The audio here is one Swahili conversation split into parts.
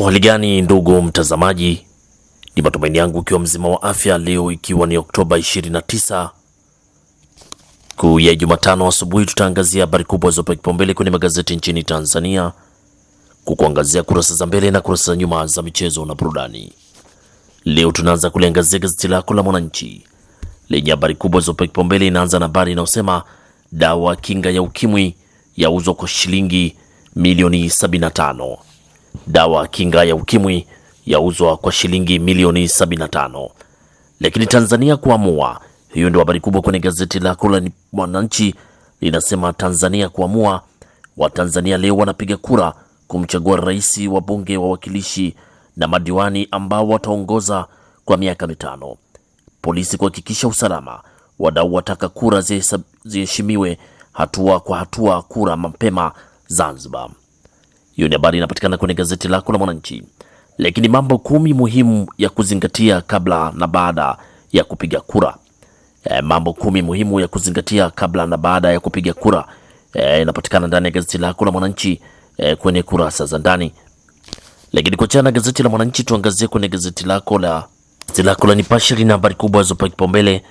uhaligani gani ndugu mtazamaji, ni matumaini yangu ikiwa mzima wa afya. Leo ikiwa ni Oktoba 29 kuu ya Jumatano asubuhi, tutaangazia habari kubwa zilizopewa kipaumbele kwenye magazeti nchini Tanzania, kukuangazia kurasa za mbele na kurasa za nyuma za michezo na burudani. Leo tunaanza kuliangazia gazeti lako la Mwananchi lenye habari kubwa zilizopewa kipaumbele. Inaanza na habari inayosema dawa kinga ya ukimwi yauzwa kwa shilingi milioni 75 dawa kinga ya ukimwi yauzwa kwa shilingi milioni 75. Lakini Tanzania kuamua, hiyo ndio habari kubwa kwenye gazeti lako la Mwananchi, linasema Tanzania kuamua, Watanzania leo wanapiga kura kumchagua rais, wabunge, wawakilishi na madiwani ambao wataongoza kwa miaka mitano. Polisi kuhakikisha usalama, wadau wataka kura ziheshimiwe hatua kwa hatua, kura mapema Zanzibar. Hiyo ni habari inapatikana kwenye gazeti lako la Mwananchi. Lakini mambo kumi muhimu ya kuzingatia kabla na baada ya kupiga kura. E, mambo kumi muhimu ya kuzingatia kabla na baada ya kupiga kura e, inapatikana ndani ya gazeti lako la Mwananchi e, kwenye kurasa za ndani. Lakini kuachana na gazeti la Mwananchi, tuangazie kwenye gazeti lako la gazeti lako la Nipashe lina habari kubwa zopa kipaumbele.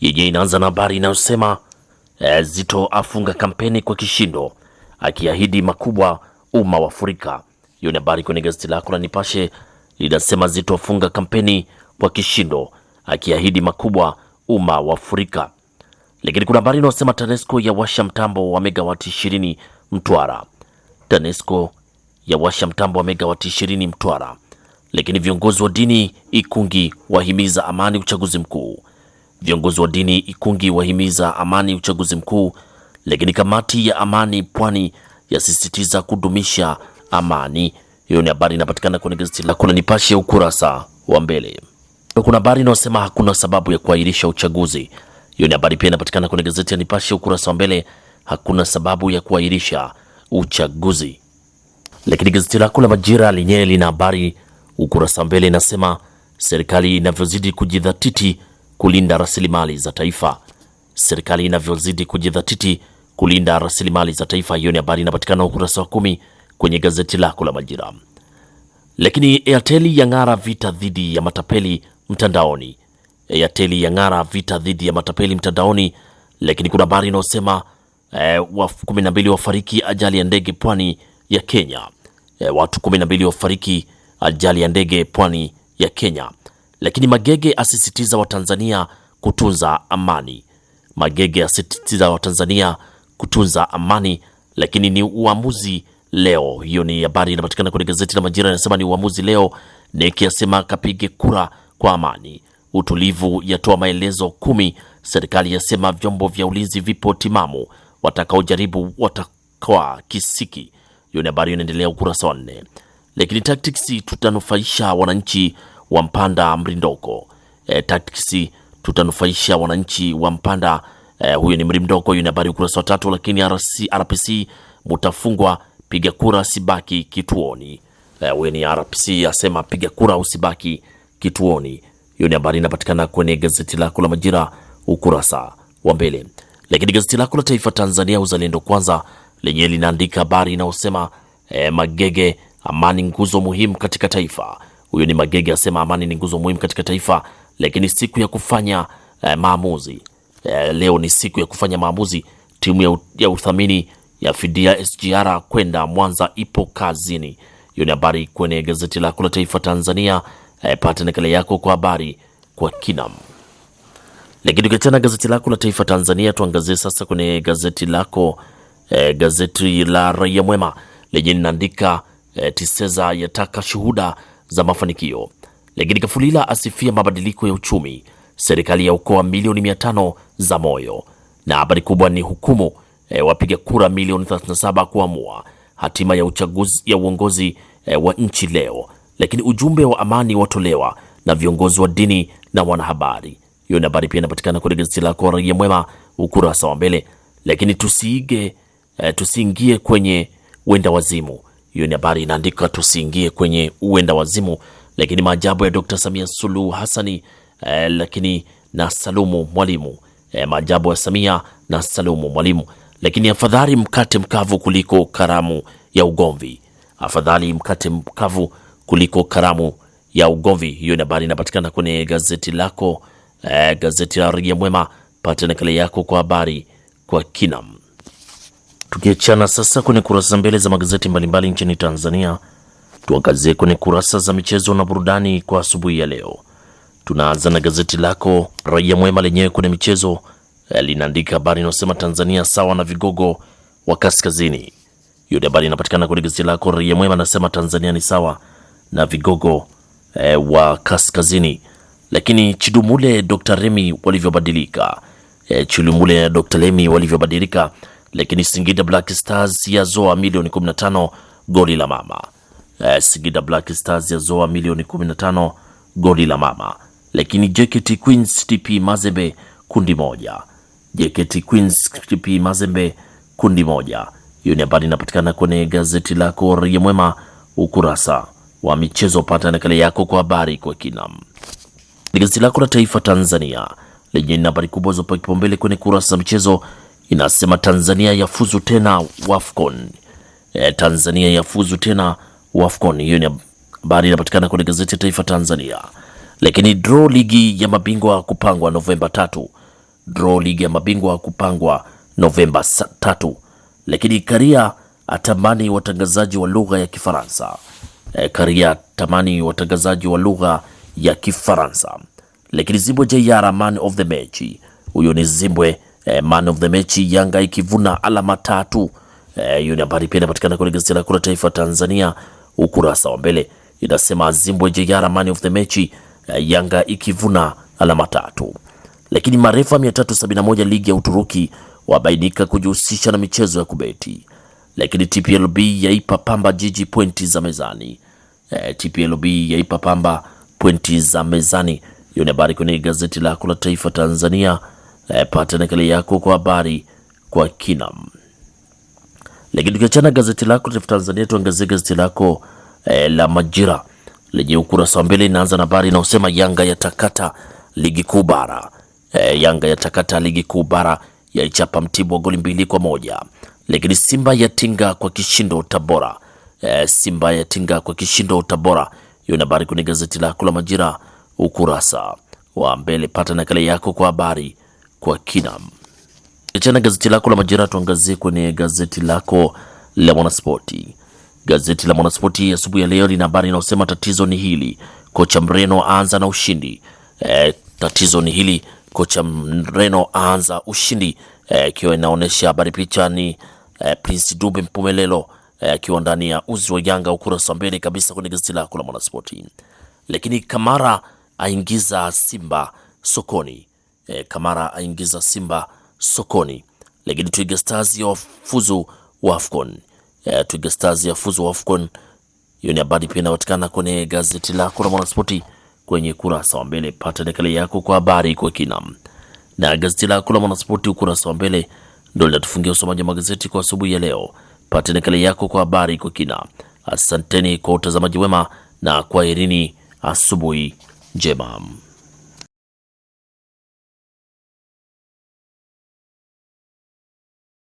Yenyewe inaanza na habari inayosema e, Zito afunga kampeni kwa kishindo akiahidi makubwa umma wa Afrika. Hiyo ni habari kwenye gazeti lako la Nipashe, linasema Zito afunga kampeni kwa kishindo, akiahidi makubwa umma wa Afrika. Lakini kuna habari inayosema TANESCO ya washa mtambo wa megawati 20 Mtwara. TANESCO ya washa mtambo wa megawati 20 Mtwara. Lakini viongozi wa dini Ikungi wahimiza amani uchaguzi mkuu. Viongozi wa dini Ikungi wahimiza amani uchaguzi mkuu. Lakini kamati ya amani pwani yasisitiza kudumisha amani. Hiyo ni habari inapatikana kwenye gazeti lako la Nipashe ukurasa wa mbele. Kuna habari inayosema hakuna sababu ya kuahirisha uchaguzi. Hiyo ni habari pia inapatikana kwenye gazeti ya Nipashe ukurasa wa mbele. Hakuna sababu ya kuahirisha uchaguzi. Lakini gazeti lako la Majira lenyewe lina habari ukurasa wa mbele inasema serikali inavyozidi kujidhatiti kulinda rasilimali za taifa. Serikali inavyozidi kujidhatiti kulinda rasilimali za taifa. Hiyo ni habari inapatikana ukurasa wa kumi kwenye gazeti lako la Majira. Lakini Airtel yang'ara vita dhidi ya matapeli mtandaoni. Airtel yang'ara vita dhidi ya matapeli mtandaoni. Lakini kuna habari inayosema eh, kumi na mbili wafariki ajali ya ndege pwani ya Kenya. E, watu kumi na mbili wafariki ajali ya ndege pwani ya Kenya. Lakini Magege asisitiza Watanzania kutunza amani. Magege asisitiza Watanzania kutunza amani, lakini ni uamuzi leo. Hiyo ni habari inapatikana kwenye gazeti la Majira, inasema ni uamuzi leo. Neki asema kapige kura kwa amani. Utulivu yatoa maelezo kumi. Serikali yasema vyombo vya ulinzi vipo timamu, watakaojaribu watakoa kisiki. Hiyo ni habari inaendelea ukurasa wa nne. Lakini tactics tutanufaisha wananchi wa Mpanda mrindoko. E, tactics tutanufaisha wananchi wa Mpanda Eh, huyu ni mri mdogo, huyu ni habari ukurasa wa tatu. Lakini RC, RPC mutafungwa, piga kura sibaki kituoni. Eh, huyu ni RPC asema piga kura usibaki kituoni. Hiyo ni habari inapatikana kwenye gazeti lako la Majira ukurasa wa mbele. Lakini gazeti lako la Taifa Tanzania Uzalendo Kwanza lenyewe linaandika habari inayosema eh, Magege, amani nguzo muhimu katika taifa. Huyo ni Magege asema amani ni nguzo muhimu katika taifa, lakini siku ya kufanya eh, maamuzi eh, leo ni siku ya kufanya maamuzi. Timu ya, ya uthamini ya fidia SGR kwenda Mwanza ipo kazini. Hiyo ni habari kwenye gazeti lako la Taifa Tanzania. E, pata nakala yako kwa habari kwa kinam. Lakini tukiachana gazeti lako la Taifa Tanzania, tuangazie sasa kwenye gazeti lako e, gazeti la Raia Mwema lenye linaandika e, Tiseza yataka shuhuda za mafanikio, lakini Kafulila asifia mabadiliko ya uchumi serikali ya ukoa milioni mia tano za moyo, na habari kubwa ni hukumu e, wapiga kura milioni 37 kuamua hatima ya uchaguzi ya uongozi e, wa nchi leo, lakini ujumbe wa amani watolewa na viongozi wa dini na wanahabari. Hiyo ni habari pia inapatikana kwenye gazeti lako Raia Mwema ukurasa wa mbele, lakini tusiige e, tusiingie kwenye wenda wazimu. Hiyo ni habari inaandika tusiingie kwenye uenda wazimu, lakini maajabu ya Dr. Samia Suluhu Hassani eh, lakini na salumu mwalimu eh, maajabu ya Samia na salumu mwalimu. Lakini afadhali mkate mkavu kuliko karamu ya ugomvi, afadhali mkate mkavu kuliko karamu ya ugomvi. Hiyo ni habari inapatikana kwenye gazeti lako eh, gazeti la Raia Mwema. Pata nakala yako kwa habari kwa kina. Tukiachana sasa kwenye kurasa za mbele za magazeti mbalimbali nchini Tanzania, tuangazie kwenye kurasa za michezo na burudani kwa asubuhi ya leo. Tunaanza na gazeti lako Raia Mwema lenyewe kwenye michezo linaandika habari inayosema Tanzania sawa na vigogo wa kaskazini. Hiyo habari inapatikana kwenye gazeti lako Raia Mwema, anasema Tanzania ni sawa na vigogo e, wa kaskazini. Lakini Chidumule Dr. Remi walivyobadilika e, Chidumule Dr. Remi walivyobadilika. Lakini Singida Black Stars yazoa milioni 15 goli la mama e, Singida Black Stars yazoa milioni 15 goli la mama lakini JKT Queens TP Mazembe kundi moja. JKT Queens TP Mazembe kundi moja. Hiyo ni habari inapatikana kwenye gazeti lako Raia Mwema ukurasa wa michezo. Pata nakala yako kwa habari kwa kina. gazeti lako la Taifa Tanzania lenye habari kubwa zopewa kipaumbele kwenye kurasa za michezo, inasema Tanzania yafuzu tena WAFCON. E, Tanzania yafuzu tena WAFCON. Hiyo ni habari inapatikana kwenye gazeti ya Taifa Tanzania lakini draw ligi ya mabingwa kupangwa Novemba tatu. Draw ligi ya mabingwa kupangwa Novemba tatu, lakini Karia atamani watangazaji wa lugha ya Kifaransa. E, Karia atamani watangazaji wa lugha ya Kifaransa. Lakini Zimbwe Jayara man of the match, huyo ni Zimbwe e, man of the match. Yanga ikivuna alama tatu. Eh, hiyo ni habari pia inapatikana kwenye gazeti la kura Taifa Tanzania ukurasa wa mbele, inasema Zimbwe Jayara man of the match Eh, Yanga ikivuna alama tatu. Lakini marefa 371 ligi ya Uturuki wabainika kujihusisha na michezo ya kubeti. Lakini TPLB yaipa Pamba Jiji pointi za mezani. E, eh, TPLB yaipa Pamba pointi za mezani. Hiyo ni habari kwenye gazeti lako la Taifa Tanzania. E, pata nakala yako kwa habari kwa kinam. Lakini tukiachana gazeti lako Taifa Tanzania, tuangazie gazeti lako e, la Majira lenye ukurasa wa mbele inaanza na habari inayosema Yanga yatakata ligi kuu bara. E, Yanga yatakata ligi kuu bara yaichapa Mtibwa goli mbili kwa moja. Lakini Simba yatinga kwa kishindo Tabora. E, Simba yatinga kwa kishindo Tabora. Hiyo ni habari kwenye gazeti lako la Majira ukurasa wa mbele. Pata nakala yako kwa habari kwa kina. Achana gazeti lako la Majira, tuangazie kwenye gazeti lako la Mwanaspoti Gazeti la Mwanaspoti asubuhi ya leo lina habari inayosema tatizo ni hili, kocha Mreno aanza na ushindi. E, tatizo ni hili, kocha Mreno aanza ushindi, eh, ikiwa e, inaonyesha habari, picha ni e, Prince Dube Mpumelelo akiwa e, ndani ya uzi wa Yanga, ukurasa wa mbele kabisa kwenye gazeti lako la Mwanaspoti. Lakini Kamara aingiza Simba sokoni, e, Kamara aingiza Simba sokoni. Lakini Twiga Stars ya wafuzu wa AFCON ya Twiga Stars ya AFCON. Hiyo ni habari pia inapatikana kwenye gazeti lako la Mwanaspoti kwenye kurasa wa mbele. Pata nakala yako kwa habari kwa kina, na gazeti lako la Mwanaspoti ukurasa wa mbele ndio linatufungia usomaji wa magazeti kwa asubuhi ya leo. Pata nakala yako kwa habari kwa kina. Asanteni kwa utazamaji wema na kwaherini, asubuhi njema.